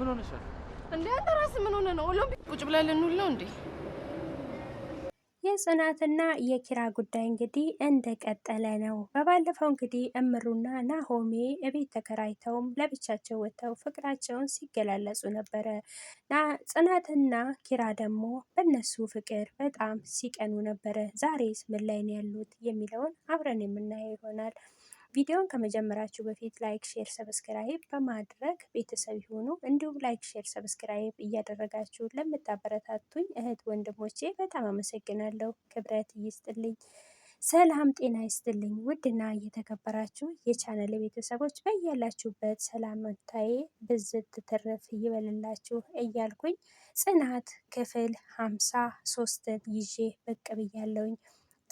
ምን ሆነሻል እንዴ? አንተ ራስህ ምን ሆነ ነው? ኦሎምፒክ ቁጭ ብለን ልንውል ነው እንዴ? የጽናትና የኪራ ጉዳይ እንግዲህ እንደቀጠለ ነው። በባለፈው እንግዲህ እምሩና ናሆሜ እቤት ተከራይተውም ለብቻቸው ወጥተው ፍቅራቸውን ሲገላለጹ ነበረ። ጽናትና ኪራ ደግሞ በነሱ ፍቅር በጣም ሲቀኑ ነበረ። ዛሬስ ምን ላይ ነው ያሉት የሚለውን አብረን የምናየው ይሆናል። ቪዲዮን ከመጀመራችሁ በፊት ላይክ፣ ሼር፣ ሰብስክራይብ በማድረግ ቤተሰብ ይሁኑ። እንዲሁም ላይክ፣ ሼር፣ ሰብስክራይብ እያደረጋችሁ ለምታበረታቱኝ እህት ወንድሞቼ በጣም አመሰግናለሁ። ክብረት ይስጥልኝ። ሰላም ጤና ይስጥልኝ። ውድና እየተከበራችሁ የቻነል ቤተሰቦች በያላችሁበት ሰላምታዬ ብዝት ትርፍ ይበልላችሁ እያልኩኝ ጽናት ክፍል ሀምሳ ሶስትን ይዤ ብቅ ብያለሁኝ።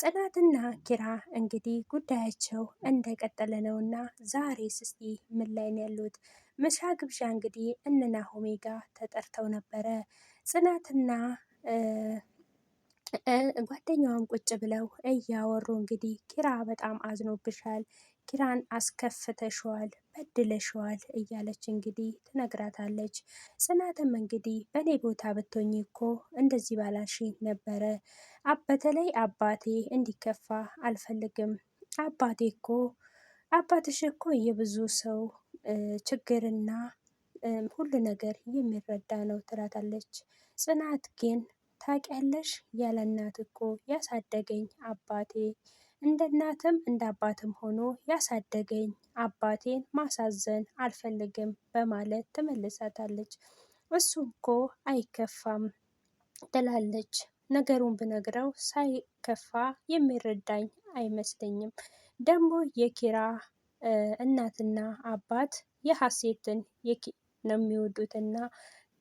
ጽናትና ኪራ እንግዲህ ጉዳያቸው እንደቀጠለ ነውና ዛሬስ እስቲ ምን ላይ ነው ያሉት? ምሳ ግብዣ እንግዲህ እነ ናሆሜ ጋር ተጠርተው ነበረ ጽናትና ጓደኛውም ቁጭ ብለው እያወሩ እንግዲህ ኪራ በጣም አዝኖብሻል፣ ኪራን አስከፍተሸዋል፣ በድለሸዋል እያለች እንግዲህ ትነግራታለች። ጽናትም እንግዲህ በእኔ ቦታ ብቶኝ እኮ እንደዚህ ባላሽ ነበረ። በተለይ አባቴ እንዲከፋ አልፈልግም። አባቴ እኮ አባትሽ እኮ የብዙ ሰው ችግርና ሁሉ ነገር የሚረዳ ነው ትላታለች። ጽናት ግን ታውቂያለሽ ያለ እናት እኮ ያሳደገኝ አባቴ እንደ እናትም እንደ አባትም ሆኖ ያሳደገኝ አባቴን ማሳዘን አልፈልግም በማለት ትመልሳታለች። እሱ እኮ አይከፋም ትላለች። ነገሩን ብነግረው ሳይከፋ የሚረዳኝ አይመስለኝም። ደግሞ የኪራ እናትና አባት የሀሴትን ነው የሚወዱትና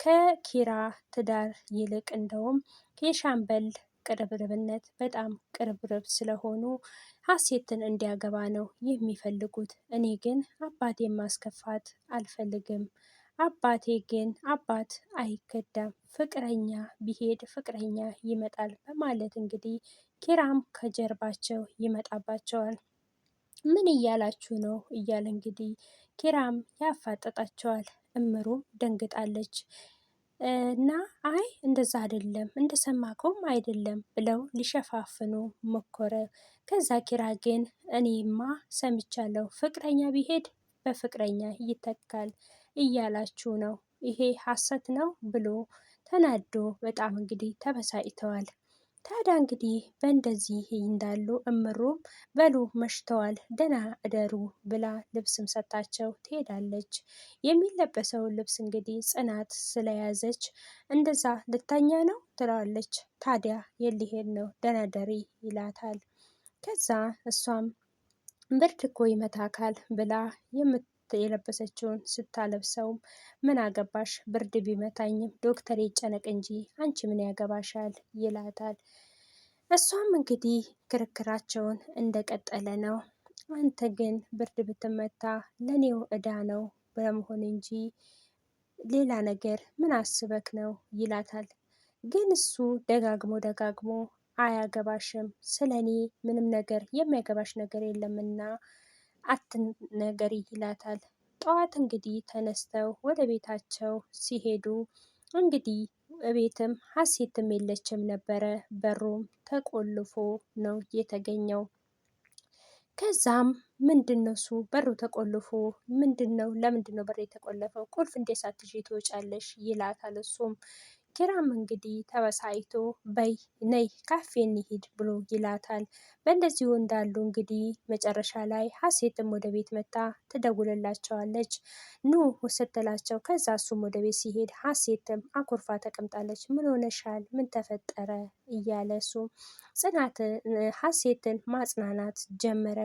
ከኪራ ትዳር ይልቅ እንደውም የሻምበል ቅርብርብነት በጣም ቅርብርብ ስለሆኑ ሀሴትን እንዲያገባ ነው የሚፈልጉት። እኔ ግን አባቴን ማስከፋት አልፈልግም። አባቴ ግን አባት አይከዳም፣ ፍቅረኛ ቢሄድ ፍቅረኛ ይመጣል በማለት እንግዲህ ኪራም ከጀርባቸው ይመጣባቸዋል። ምን እያላችሁ ነው እያለ እንግዲህ ኪራም ያፋጠጣቸዋል። እምሩም ደንግጣለች እና አይ እንደዛ አይደለም እንደሰማከውም አይደለም ብለው ሊሸፋፍኑ ሞከረ። ከዛ ኪራ ግን እኔማ ሰምቻለሁ ፍቅረኛ ቢሄድ በፍቅረኛ ይተካል እያላችሁ ነው፣ ይሄ ሐሰት ነው ብሎ ተናዶ በጣም እንግዲህ ተበሳጭተዋል። ታዲያ እንግዲህ በእንደዚህ እንዳሉ እምሩም በሉ መሽተዋል፣ ደህና እደሩ ብላ ልብስም ሰታቸው ትሄዳለች። የሚለበሰው ልብስ እንግዲህ ጽናት ስለያዘች እንደዛ ልታኛ ነው ትለዋለች። ታዲያ የሊሄድ ነው ደህና ደሪ ይላታል። ከዛ እሷም ብርድ እኮ ይመታካል ብላ የምት የለበሰችውን ስታለብሰውም ምን አገባሽ ብርድ ቢመታኝም ዶክተር ይጨነቅ እንጂ አንቺ ምን ያገባሻል ይላታል። እሷም እንግዲህ ክርክራቸውን እንደቀጠለ ነው። አንተ ግን ብርድ ብትመታ ለኔው እዳ ነው በመሆን እንጂ ሌላ ነገር ምን አስበክ ነው ይላታል። ግን እሱ ደጋግሞ ደጋግሞ አያገባሽም ስለ እኔ ምንም ነገር የሚያገባሽ ነገር የለምና ነገር ይላታል። ጠዋት እንግዲህ ተነስተው ወደ ቤታቸው ሲሄዱ እንግዲህ እቤትም ሀሴትም የለችም ነበረ። በሩም ተቆልፎ ነው የተገኘው። ከዛም ምንድን ነው እሱ በሩ ተቆልፎ ምንድን ነው ለምንድን ነው በር የተቆለፈው? ቁልፍ እንዴት ሳትይዢ ትወጫለሽ? ይላታል እሱም ኪራም እንግዲህ ተበሳይቶ በይ ነይ ካፌ እንሂድ ብሎ ይላታል። በእንደዚሁ እንዳሉ እንግዲህ መጨረሻ ላይ ሀሴትም ወደ ቤት መታ ትደውልላቸዋለች። ኑ ስትላቸው ከዛ እሱም ወደ ቤት ሲሄድ ሀሴትም አኩርፋ ተቀምጣለች። ምን ሆነሻል? ምን ተፈጠረ? እያለ እሱ ጽናት ሀሴትን ማጽናናት ጀመረ።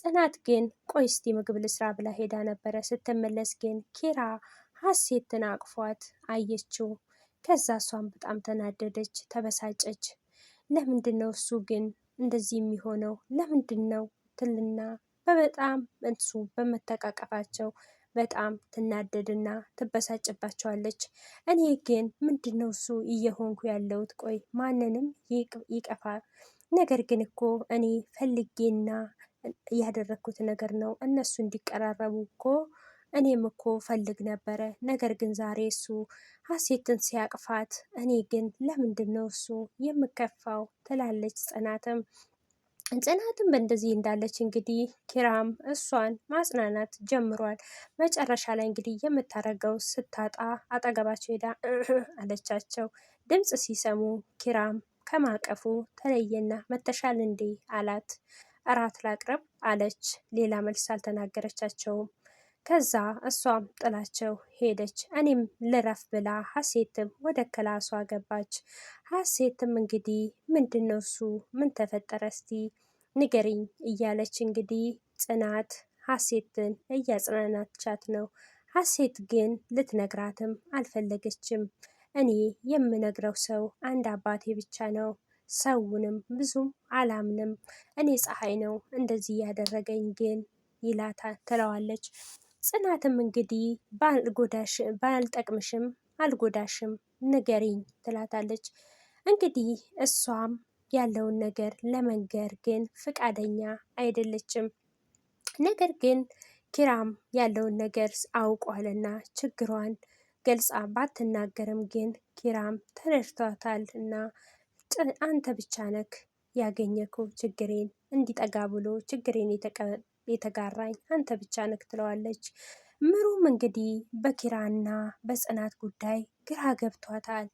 ጽናት ግን ቆይ እስቲ ምግብ ልስራ ብላ ሄዳ ነበረ። ስትመለስ ግን ኪራ ሀሴትን አቅፏት አየችው። ከዛ እሷን በጣም ተናደደች፣ ተበሳጨች። ለምንድን ነው እሱ ግን እንደዚህ የሚሆነው? ለምንድን ነው ትልና በበጣም እሱ በመተቃቀፋቸው በጣም ትናደድና ትበሳጭባቸዋለች። እኔ ግን ምንድን ነው እሱ እየሆንኩ ያለሁት? ቆይ ማንንም ይቀፋ ነገር ግን እኮ እኔ ፈልጌና ያደረግኩት ነገር ነው። እነሱ እንዲቀራረቡ እኮ እኔም እኮ ፈልግ ነበረ። ነገር ግን ዛሬ እሱ ሀሴትን ሲያቅፋት፣ እኔ ግን ለምንድን ነው እሱ የምከፋው ትላለች ጽናትም ጽናትም በእንደዚህ እንዳለች እንግዲህ ኪራም እሷን ማጽናናት ጀምሯል። መጨረሻ ላይ እንግዲህ የምታደርገው ስታጣ አጠገባቸው ሄዳ አለቻቸው። ድምፅ ሲሰሙ ኪራም ከማቀፉ ተለየና መተሻል እንዴ አላት። እራት ላቅርብ አለች። ሌላ መልስ አልተናገረቻቸውም። ከዛ እሷም ጥላቸው ሄደች። እኔም ልረፍ ብላ ሀሴትም ወደ ክላሷ ገባች። ሀሴትም እንግዲህ ምንድን ነው እሱ ምን ተፈጠረ እስቲ ንገሪኝ እያለች እንግዲህ ጽናት ሀሴትን እያጽናናቻት ነው። ሀሴት ግን ልትነግራትም አልፈለገችም። እኔ የምነግረው ሰው አንድ አባቴ ብቻ ነው። ሰውንም ብዙም አላምንም። እኔ ፀሐይ ነው እንደዚህ ያደረገኝ ግን ይላታ ትለዋለች። ጽናትም እንግዲህ ባልጠቅምሽም አልጎዳሽም ንገሪኝ ትላታለች። እንግዲህ እሷም ያለውን ነገር ለመንገር ግን ፍቃደኛ አይደለችም። ነገር ግን ኪራም ያለውን ነገር አውቋልና ችግሯን ገልጻ ባትናገርም ግን ኪራም ተረድቷታል እና አንተ ብቻ ነክ ያገኘኩ ችግሬን እንዲጠጋ ብሎ ችግሬን የተጋራኝ አንተ ብቻ ነክ ትለዋለች። ምሩም እንግዲህ በኪራና በጽናት ጉዳይ ግራ ገብቷታል።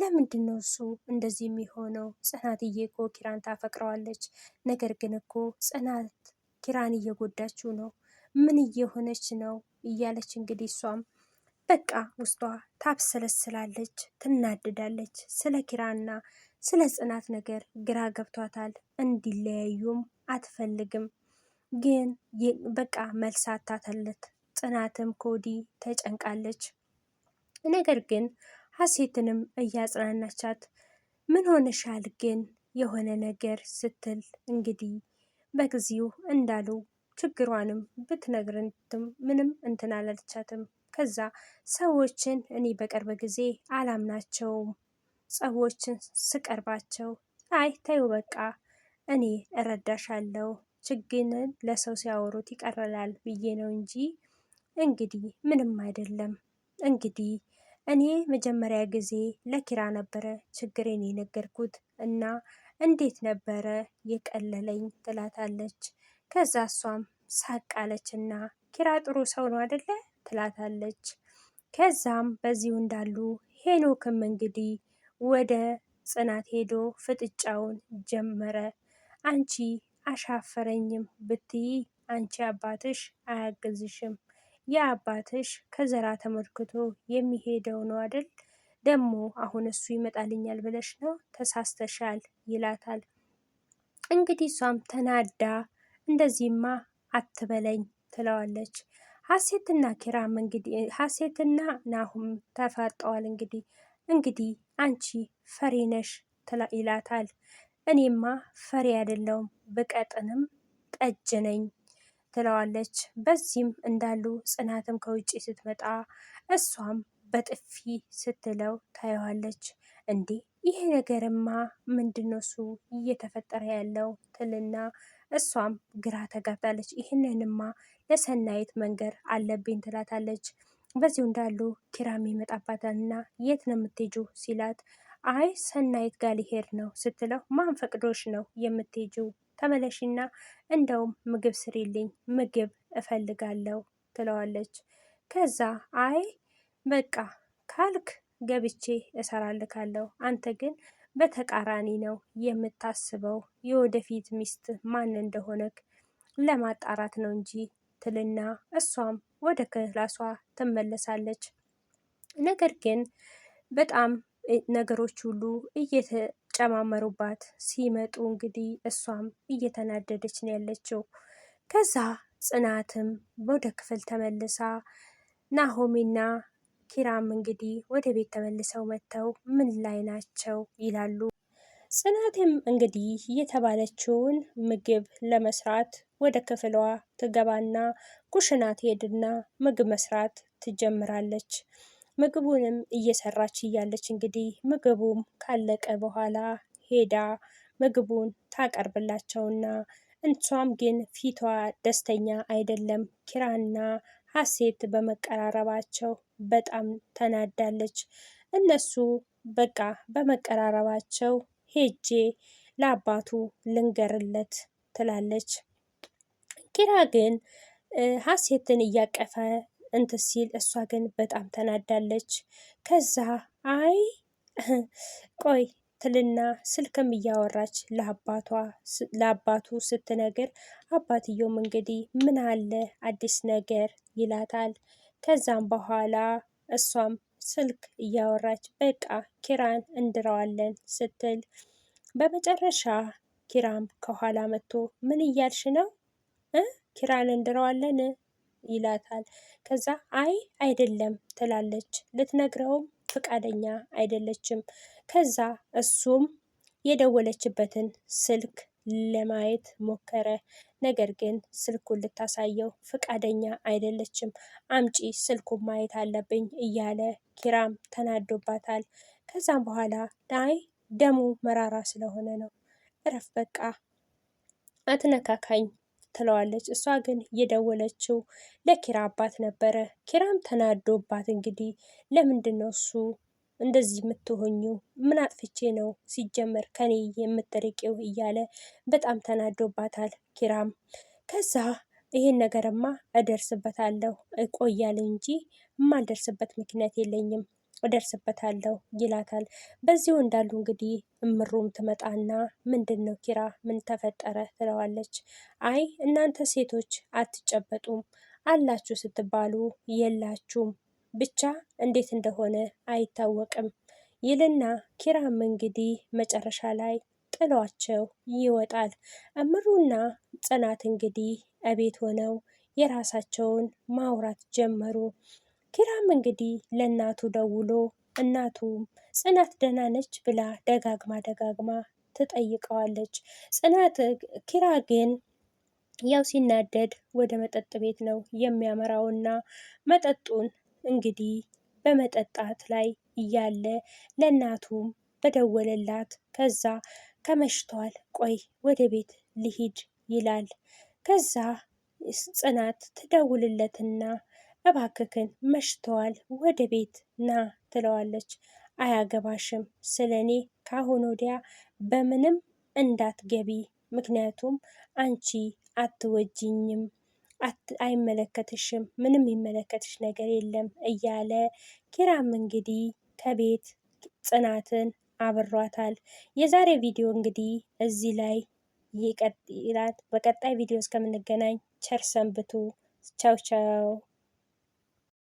ለምንድን ነው እሱ እንደዚህ የሚሆነው? ጽናትዬ እኮ ኪራን ታፈቅረዋለች። ነገር ግን እኮ ጽናት ኪራን እየጎዳችው ነው። ምን እየሆነች ነው? እያለች እንግዲህ እሷም በቃ ውስጧ ታብሰለስላለች፣ ትናድዳለች። ስለ ኪራና ስለ ጽናት ነገር ግራ ገብቷታል። እንዲለያዩም አትፈልግም። ግን በቃ መልስ አታተለት። ጽናትም ኮዲ ተጨንቃለች። ነገር ግን ሀሴትንም እያጽናናቻት ምን ሆነሻል ግን የሆነ ነገር ስትል እንግዲህ በጊዜው እንዳሉ ችግሯንም ብትነግርትም ምንም እንትን አላለቻትም። ከዛ ሰዎችን እኔ በቅርብ ጊዜ አላምናቸውም፣ ሰዎችን ስቀርባቸው አይ ተይው በቃ እኔ እረዳሻለሁ ችግኝን ለሰው ሲያወሩት ይቀርላል ብዬ ነው እንጂ እንግዲህ ምንም አይደለም። እንግዲህ እኔ መጀመሪያ ጊዜ ለኪራ ነበረ ችግሬን የነገርኩት እና እንዴት ነበረ የቀለለኝ ትላታለች። ከዛ እሷም ሳቅ አለችና ኪራ ጥሩ ሰው ነው አደለ ትላታለች። ከዛም በዚሁ እንዳሉ ሄኖክም እንግዲህ ወደ ጽናት ሄዶ ፍጥጫውን ጀመረ። አንቺ አሻፈረኝም ብትይ አንቺ አባትሽ አያግዝሽም። የአባትሽ ከዘራ ተመልክቶ የሚሄደው ነው አይደል? ደግሞ አሁን እሱ ይመጣልኛል ብለሽ ነው ተሳስተሻል ይላታል። እንግዲህ እሷም ተናዳ እንደዚህማ አትበለኝ ትለዋለች። ሀሴትና ኪራም እንግዲህ ሀሴትና ናሁም ተፋጠዋል። እንግዲህ እንግዲህ አንቺ ፈሪነሽ ይላታል። እኔማ ፈሪ አይደለውም ብቀጥንም ጠጅ ነኝ ትለዋለች። በዚህም እንዳሉ ጽናትም ከውጭ ስትመጣ እሷም በጥፊ ስትለው ታየዋለች። እንዴ ይሄ ነገርማ ምንድነው እሱ እየተፈጠረ ያለው ትልና እሷም ግራ ተጋብታለች። ይህንንማ ለሰናይት መንገር አለብኝ ትላታለች። በዚሁ እንዳሉ ኪራም ይመጣባታልና የት ነው የምትሄጂው ሲላት አይ ሰናይት ጋር ሊሄድ ነው ስትለው ማን ፈቅዶሽ ነው የምትሄጂው? ተመለሽና እንደውም ምግብ ስሪልኝ ምግብ እፈልጋለሁ ትለዋለች። ከዛ አይ በቃ ካልክ ገብቼ እሰራልካለሁ አንተ ግን በተቃራኒ ነው የምታስበው የወደፊት ሚስት ማን እንደሆነክ ለማጣራት ነው እንጂ ትልና እሷም ወደ ክላሷ ትመለሳለች። ነገር ግን በጣም ነገሮች ሁሉ እየተጨማመሩባት ሲመጡ እንግዲህ እሷም እየተናደደች ነው ያለችው። ከዛ ጽናትም ወደ ክፍል ተመልሳ ናሆሜና ኪራም እንግዲህ ወደ ቤት ተመልሰው መጥተው ምን ላይ ናቸው ይላሉ። ጽናትም እንግዲህ የተባለችውን ምግብ ለመስራት ወደ ክፍሏ ትገባና ኩሽና ትሄድና ምግብ መስራት ትጀምራለች። ምግቡንም እየሰራች እያለች እንግዲህ ምግቡም ካለቀ በኋላ ሄዳ ምግቡን ታቀርብላቸውና እንሷም ግን ፊቷ ደስተኛ አይደለም። ኪራና ሀሴት በመቀራረባቸው በጣም ተናዳለች። እነሱ በቃ በመቀራረባቸው ሄጄ ለአባቱ ልንገርለት ትላለች። ኪራ ግን ሀሴትን እያቀፈ እንት ሲል እሷ ግን በጣም ተናዳለች። ከዛ አይ ቆይ ትልና ስልክም እያወራች ለአባቷ ለአባቱ ስትነግር አባትየውም እንግዲህ ምን አለ አዲስ ነገር ይላታል። ከዛም በኋላ እሷም ስልክ እያወራች በቃ ኪራን እንድረዋለን ስትል በመጨረሻ ኪራም ከኋላ መጥቶ ምን እያልሽ ነው? ኪራን እንድረዋለን ይላታል። ከዛ አይ አይደለም ትላለች። ልትነግረውም ፈቃደኛ አይደለችም። ከዛ እሱም የደወለችበትን ስልክ ለማየት ሞከረ። ነገር ግን ስልኩን ልታሳየው ፈቃደኛ አይደለችም። አምጪ ስልኩን ማየት አለብኝ እያለ ኪራም ተናዶባታል። ከዛም በኋላ አይ ደሙ መራራ ስለሆነ ነው፣ እረፍ በቃ አትነካካኝ ትለዋለች። እሷ ግን የደወለችው ለኪራ አባት ነበረ። ኪራም ተናዶባት እንግዲህ ለምንድን ነው እሱ እንደዚህ የምትሆኙ ምን አጥፍቼ ነው ሲጀመር ከኔ የምትርቂው እያለ በጣም ተናዶባታል ኪራም። ከዛ ይሄን ነገርማ እደርስበታለሁ እቆያል እንጂ የማልደርስበት ምክንያት የለኝም እደርስበታለሁ ይላታል። በዚሁ እንዳሉ እንግዲህ እምሩም ትመጣና ምንድን ነው ኪራ ምን ተፈጠረ ትለዋለች። አይ እናንተ ሴቶች አትጨበጡም አላችሁ ስትባሉ የላችሁም ብቻ እንዴት እንደሆነ አይታወቅም ይልና ኪራም እንግዲህ መጨረሻ ላይ ጥሏቸው ይወጣል። እምሩና ጽናት እንግዲህ እቤት ሆነው የራሳቸውን ማውራት ጀመሩ። ኪራም እንግዲህ ለእናቱ ደውሎ እናቱ ጽናት ደህና ነች ብላ ደጋግማ ደጋግማ ትጠይቀዋለች። ጽናት ኪራ ግን ያው ሲናደድ ወደ መጠጥ ቤት ነው የሚያመራውና መጠጡን እንግዲህ በመጠጣት ላይ እያለ ለእናቱም በደወለላት። ከዛ ከመሽቷል፣ ቆይ ወደ ቤት ልሂድ ይላል። ከዛ ጽናት ትደውልለትና እባክህን መሽተዋል፣ ወደ ቤት ና ትለዋለች። አያገባሽም፣ ስለ እኔ ካሁን ወዲያ በምንም እንዳትገቢ፣ ምክንያቱም አንቺ አትወጂኝም፣ አይመለከትሽም፣ ምንም የሚመለከትሽ ነገር የለም እያለ ኪራም እንግዲህ ከቤት ጽናትን አብሯታል። የዛሬ ቪዲዮ እንግዲህ እዚህ ላይ ይቀጥላል። በቀጣይ ቪዲዮ እስከምንገናኝ ቸር ሰንብቱ። ቻው ቻው።